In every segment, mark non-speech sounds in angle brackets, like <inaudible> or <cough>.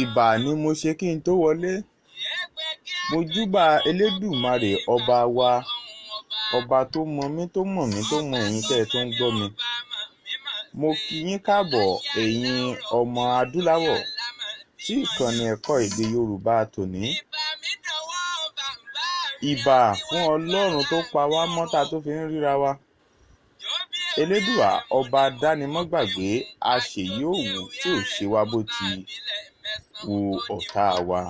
ìbà ni mo ṣe kí n tó wọlé mo júbà elédùmarè ọba wa ọba tó mọ mí tó mọ̀ mí tó mọ ẹ̀yin tẹ́ ẹ tó ń gbọ́ mi mo kí yín káàbọ̀ ẹ̀yin ọmọ adúláwọ̀ sí ìkànnì ẹ̀kọ́ èdè yorùbá tòní ìbà fún ọlọ́run tó pa wá mọ́ta tó fi ń ríra wa elédùà ọba dánimọ́gbàgbé a ṣèyí òwú tí ò ṣe wá bó ti ku ọ̀tá wa.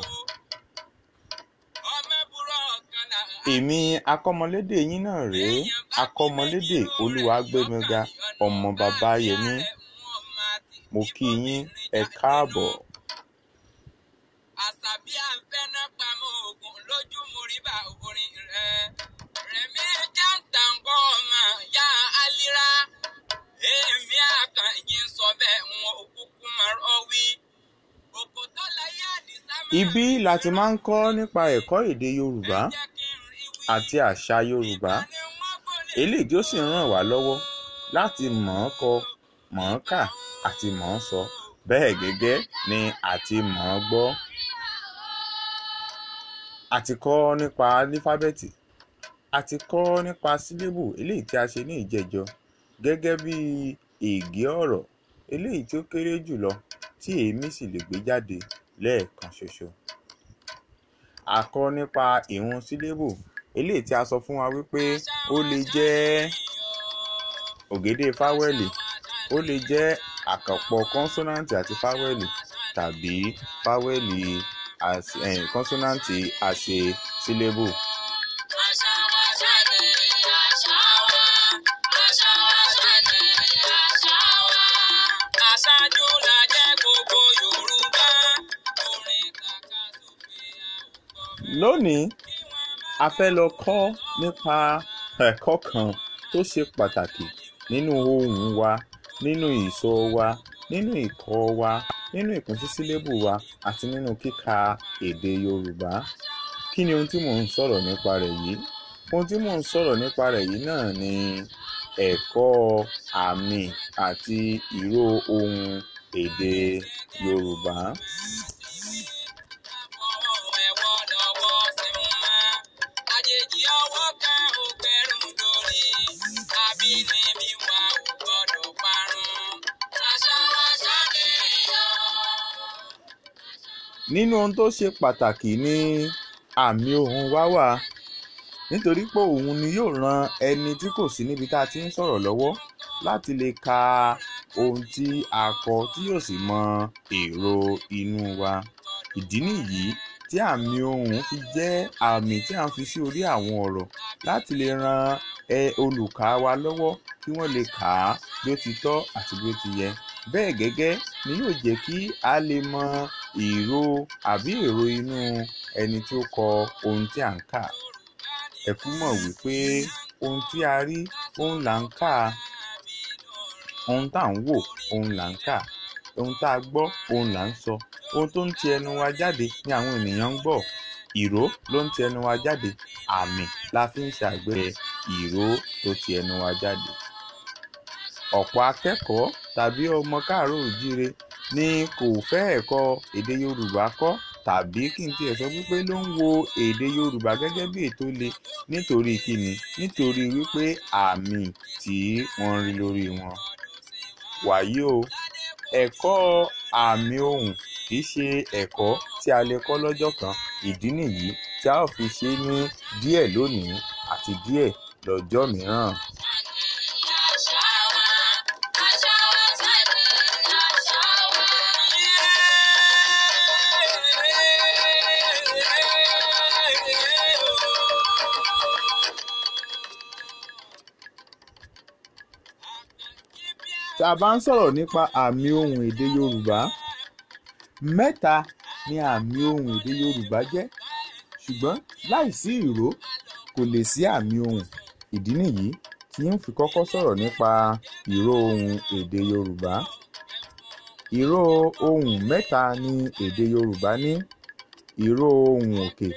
èmi akọ́mọlédè yín náà rèé akọ́mọlédè olúwàgbẹ̀mẹga ọmọ bàbá yẹmi mo kí yín ẹ káàbọ̀. Ibi la ti máa ń kọ́ nípa ẹ̀kọ́ èdè Yorùbá àti àṣà Yorùbá, eléyìí tí ó sì ń ràn wá lọ́wọ́ láti mọ̀ ọ́n kọ, mọ̀ ọ́n kà àti mọ̀ ọ́n sọ, bẹ́ẹ̀ gẹ́gẹ́ ni àti mọ̀ ọ́n gbọ́. A ti kọ́ nípa álífábẹ́ẹ̀tì, a ti kọ́ nípa sílébù eléyìí tí a ṣe ní ìjẹ́jọ gẹ́gẹ́ bí ègé ọ̀rọ̀ eléyìí tí ó kéré jùlọ tí èémí sì lè gbé jáde lẹ́ẹ̀kan ṣoṣo. Àkọ́ nípa ìwọ̀n sílébù eléyìí tí a sọ fún wa wípé ó lè jẹ́ ògédé fáwẹ́lì, ó lè jẹ́ àkànpọ̀ kọ́nsọ́náǹtì àti fáwẹ́lì tàbí fáwẹ́lì eh, kọ́nsọ́náǹtì àṣẹ sílébù. lónìí a fẹ́ lọ kọ́ nípa ẹ̀kọ́ kan tó ṣe pàtàkì nínú ohùn wa nínú ìsọ wa nínú ìkọ wa nínú ìkùnsísílébù wa àti nínú kíka èdè Yorùbá kí ni ohun tí mò ń sọ̀rọ̀ nípa rẹ̀ yìí ohun tí mò ń sọ̀rọ̀ nípa rẹ̀ yìí náà ni ẹ̀kọ́ àmì àti ìró ohùn èdè Yorùbá nínú ohun tó ṣe pàtàkì ni àmì ohùn wa wà nítorí pé òun ni yóò ran ẹni tí kò sí níbi tá a ti ń sọ̀rọ̀ lọ́wọ́ láti lè ka ohun tí a kọ tí yóò sì mọ èrò inú wa ìdí nìyí tí àmì ohùn fi jẹ́ àmì tí a fi sí orí àwọn ọ̀rọ̀ láti lè ran ẹ olùkà wa lọ́wọ́ kí wọ́n lè kà á bí ó ti tọ́ àti bí ó ti yẹ bẹ́ẹ̀ gẹ́gẹ́ ni yóò jẹ́ kí a lè mọ ìró àbí èrò inú ẹni tí ó kọ ohun tí à ń kà. Ẹ̀kú mọ̀ wípé ohun tí a rí òun là ń kà ohun tá à ń wò òun là ń kà ohun tá a gbọ́ òun là ń sọ ohun tó ń ti ẹnu wa jáde ni àwọn ènìyàn ń gbọ́ ìró ló ń ti ẹnu wa jáde àmì la fi ń ṣàgbẹ́ ìró tó ti ẹnu wa jáde. Ọ̀pọ̀ akẹ́kọ̀ọ́ tàbí ọmọ káàárọ̀ òjíire ni kò fẹ́ẹ̀ kọ èdè Yorùbá kọ́ tàbí kí n tiẹ̀ sọ wípé ló ń wo èdè Yorùbá gẹ́gẹ́ bí ètò le nítorí kíni nítorí wípé àmì tí wọ́n rí lórí wọn. wàyí o ẹ̀kọ́ àmì ohùn kì í ṣe ẹ̀kọ́ tí a lè kọ́ lọ́jọ́ kan ìdí nìyí tí a ó fi ṣe ní díẹ̀ lónìí àti díẹ̀ lọ́jọ́ mìíràn. tá a bá ń sọ̀rọ̀ nípa àmì ohùn èdè Yorùbá mẹ́ta ni àmì ohùn èdè Yorùbá jẹ́ ṣùgbọ́n láìsí ìró kò lè sí àmì ohùn ìdí nìyí tí ń fi kọ́kọ́ sọ̀rọ̀ nípa ìró ohùn èdè Yorùbá ìró ohùn mẹ́ta ni èdè Yorùbá ní ìró ohùn òkè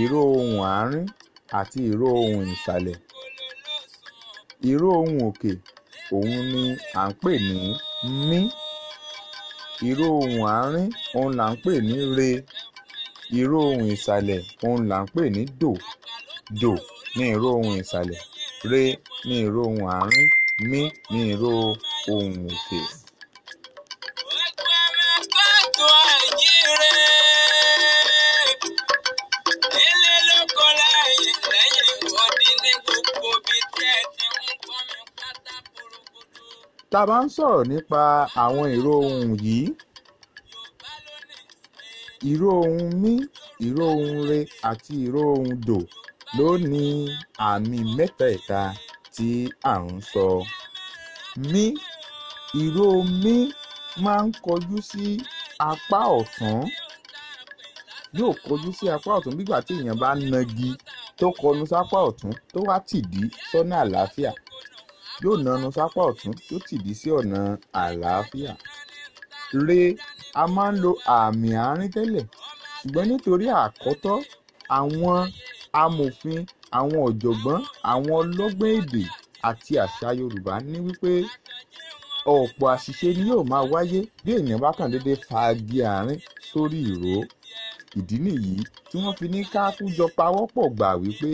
ìró ohùn àárín àti ìró ohùn ìsàlẹ̀ ìró ohùn òkè òun ni à ń pè ní mí ìró ohùn àárín òun là ń pè ní re ìró ohùn ìsàlẹ̀ òun là ń pè ní dò dò ní ìró ohùn ìsàlẹ̀ re ní ìró ohùn àárín mí ní ìró ohùn òkè. tá a bá ń sọ̀rọ̀ nípa àwọn ìró ohùn yìí ìró ohùn mí ìró ohùn re àti ìró ohùn dò ló ní àmì mẹ́tẹ̀ẹ̀ta tí à ń sọ. mí ìró mí máa ń kọjú sí apá ọ̀tún yóò kọjú sí apá ọ̀tún nígbà tí èèyàn bá nagi tó kọnu sápá ọ̀tún tó wá tìdí sọ́nà àlàáfíà yóò nanu sápá ọ̀tún tó tìdí sí ọ̀nà àlàáfíà. re a máa ń lo àmì àárín tẹ́lẹ̀ ṣùgbọ́n nítorí àkọ́tọ́ àwọn amòfin àwọn ọ̀jọ̀gbọ́n àwọn ọlọ́gbọ́n èdè àti àṣà yorùbá ní wípé ọ̀pọ̀ àṣìṣe ni yóò máa wáyé bí èèyàn bá kàn déédéé fagi àárín sórí ìró ìdí nìyí tí wọ́n fi ní ká kújọ pawọ́pọ̀ gbà wípé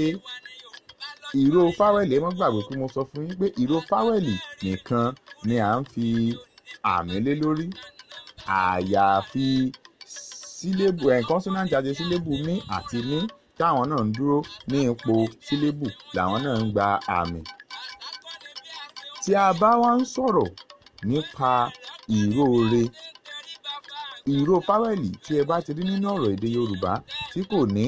ìró fáwẹ̀lì ẹ mọ́ gbàgbé pé mo sọ fún yín pé ìró fáwẹ̀lì nìkan ni à ń fi àmì lé lórí àyàfi sílébù ẹ̀ eh, kọ́nsọ́nàtì àti sílébù mí àti ní táwọn náà ń dúró ní ipò sílébù làwọn náà ń gba àmì. tí a bá wá ń sọ̀rọ̀ nípa ìróore ìró fáwẹ̀lì tí ẹ bá ti rí nínú ọ̀rọ̀ èdè yorùbá tí kò ní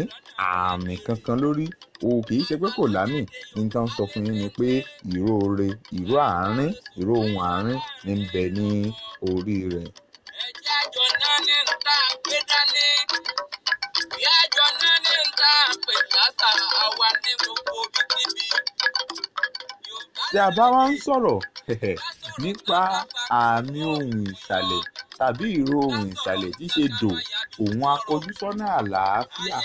àmì kankan lórí o kì í ṣe pé kò lámì ní tán sọ fún yín ni pé ìró re ìró àárín ìró ohun àárín ní bẹ ní orí rẹ̀. tí a bá wá ń sọ̀rọ̀ <laughs> nípa àmì ohùn ìsàlẹ̀ tàbí ìró ohùn ìsàlẹ̀ tíṣe dò òun akọjúsọ́nà àlàáfíà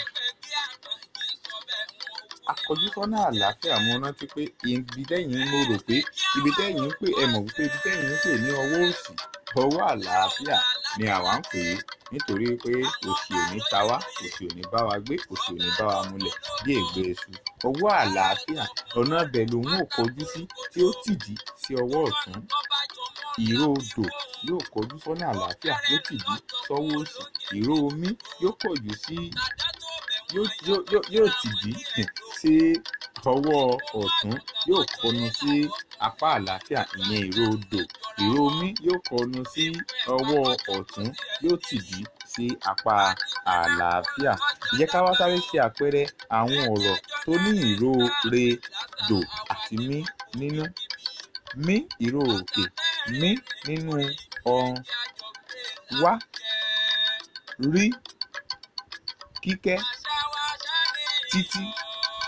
akọjúsọ́nà àlàáfíà mo rántí pé ibi tẹ́yìn mo rò pé ibi tẹ́yìn ń pè ẹ mọ̀ wípé ibi tẹ́yìn ń pè ní ọwọ́ òsì ọwọ́ àlàáfíà ni àwa ń pè é nítorí pé òsì òní ní ta wá òsì òní bá wa gbé òsì òní bá wa múlẹ̀ bí ègbé eṣu ọwọ́ àlàáfíà ọ̀nà ibẹ̀ lòun ò kọjú sí tí ó tìdí sí ọwọ́ ọ̀tún ìró odò yóò kọjú sọ́nà àlàáfíà yóò tìjú sọ́wọ́ òsì ìró omi yóò kọjú sí yóò tìjú sí ọwọ́ ọ̀tún yóò kọnu sí apá àlàáfíà ìyẹn ìró odò ìró omi yóò kọnu sí ọwọ́ ọ̀tún yóò tìjú sí apá àlàáfíà ìyẹn ká wá sáré ṣe àpẹẹrẹ àwọn ọ̀rọ̀ tó ní ìró re dò àti mí nínú mí ìró òkè mí nínú ọrun, wá rí kíkẹ́, títí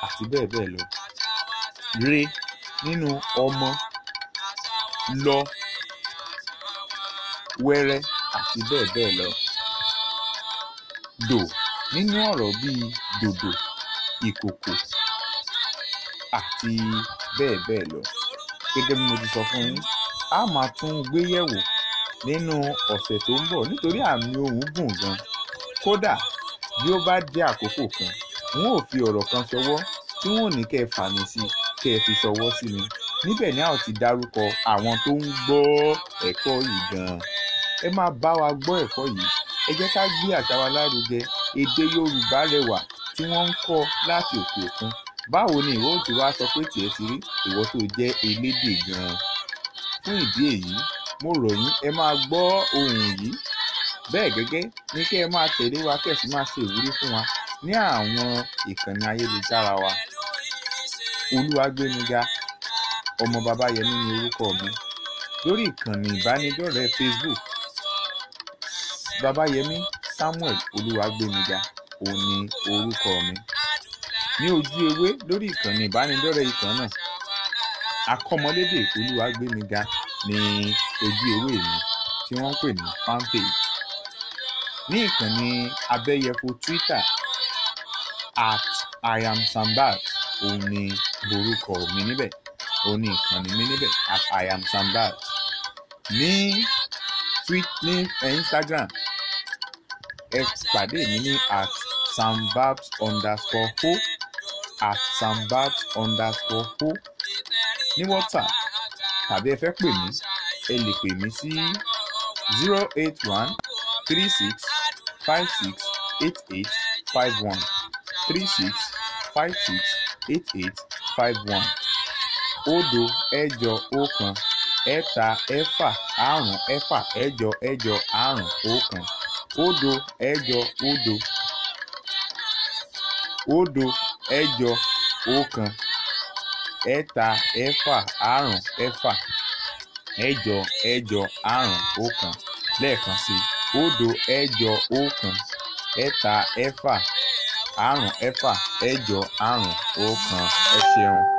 àti bẹ́ẹ̀ bẹ́ẹ̀ lọ. Re nínú ọmọ, lọ wẹ́rẹ́ àti bẹ́ẹ̀ bẹ́ẹ̀ lọ. Dò nínú ọ̀rọ̀ bíi dòdò, ìkòkò àti bẹ́ẹ̀ bẹ́ẹ̀ lọ. Gẹ́gẹ́ bí mo ti sọ fún yín a máa tún gbé yẹ̀wò nínú ọ̀sẹ̀ tó ń bọ̀ nítorí àmì ohùn gùn gan kódà bí ó bá dé àkókò kan n ó fi ọ̀rọ̀ kan ṣọwọ́ tí wọn ò ní kẹ́ ẹ fà mí sí kẹ́ ẹ fi ṣọwọ́ sí mi níbẹ̀ ni a ò ti dárúkọ àwọn tó ń gbọ́ ẹ̀kọ́ yìí gan-an ẹ máa bá wa gbọ́ ẹ̀kọ́ yìí ẹ jẹ́ ká gbé àṣà wa lárugẹ èdè Yorùbá rẹwà tí wọ́n ń kọ́ láti òkè òkun báwo ni ìwọ ti wá sọ pé tiẹ̀ ti rí ìwọ tó jẹ́ elédè gan-an fún ìdí èyí mo rọ̀ yín ẹ máa gbọ́ ohùn yìí bẹ́ẹ̀ gẹ́gẹ́ ni kẹ́ ẹ máa tẹ̀lé wa kẹ́ ẹ sì máa ṣe ìwúrí fún wa ní àwọn ìkànnì ayélujára wa olúwagbéniga ọmọ babayẹmí ni orúkọ mi lórí ìkànnì ìbánidọ́rẹ̀ẹ́ facebook babayẹmí samuel olúwagbéniga òun ni orúkọ mi ní ojú ewé lórí ìkànnì ìbánidọ́rẹ̀ẹ́ ìkànnì náà akọ́mọlédè olúwàgbémiga ní ojú ewé mi tí wọ́n ń pè ní fanpage ní ìkànnì abẹ́yẹfò twitter at iamsambad òun ni orúkọ mi níbẹ̀ òun ni ìkànnì mi níbẹ̀ at iamsambad ní ní eh, instagram ẹ pàdé mi ní at sambabs underscore ho at sambabs underscore ho ní WhatsApp tàbí ẹ fẹ́ pè mí ẹ lè pè mí sí zero eight one three six five six eight eight five one three six five six eight eight five one Odo ẹ̀jọ Okan. ẹ̀ta ẹ̀fà àrún ẹ̀fà ẹ̀jọ ẹ̀jọ àrún Okan. Odo ẹ̀jọ Odo. Odo ẹ̀jọ Okan. ẹ̀ta ẹ̀fà àrún ẹ̀fà ẹjọ ẹ̀jọ àrún ọkàn lẹ́ẹ̀kan sí òdo ọkàn ọ̀kan ẹ̀ta ẹ̀fà àrún ẹ̀fà ẹjọ àrún ọ̀kan ẹ